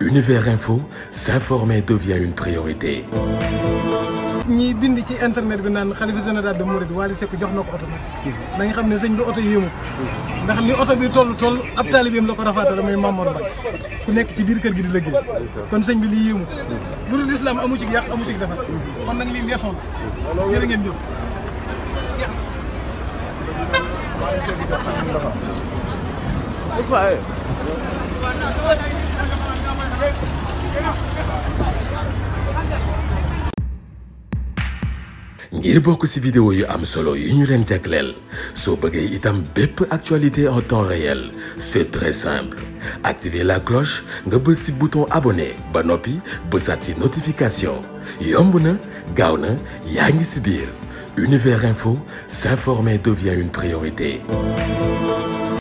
Univers Info s'informer devient une priorité. ñiy bind ci internet bi naan xalifa général de Mouride Wally Seck jox na ko oto bi. Mhm. nañ xam ne sëñ bi oto yéemu. Mhm. ndax li oto bi toll toll ab taalibeem la ko rafetal mooy Mamour Mbaye ku nekk ci biir kër gi di liggéey. Mhm. kon sëñ bi li yéemu. bu dul islam amu ci yàq amu ci defar. kon nag lii leçon la. jërë ngeen jëf. ngir bokk si vidéo yu am solo yu ñu leen jagleel soo bëggee itam bépp actualité en temps réel c'est très simple activer la cloche nga bës ci bouton abonné ba noppi bësaat ci notification yomb na gaaw na yaa ngi ci biir univers info s'informer devient une priorité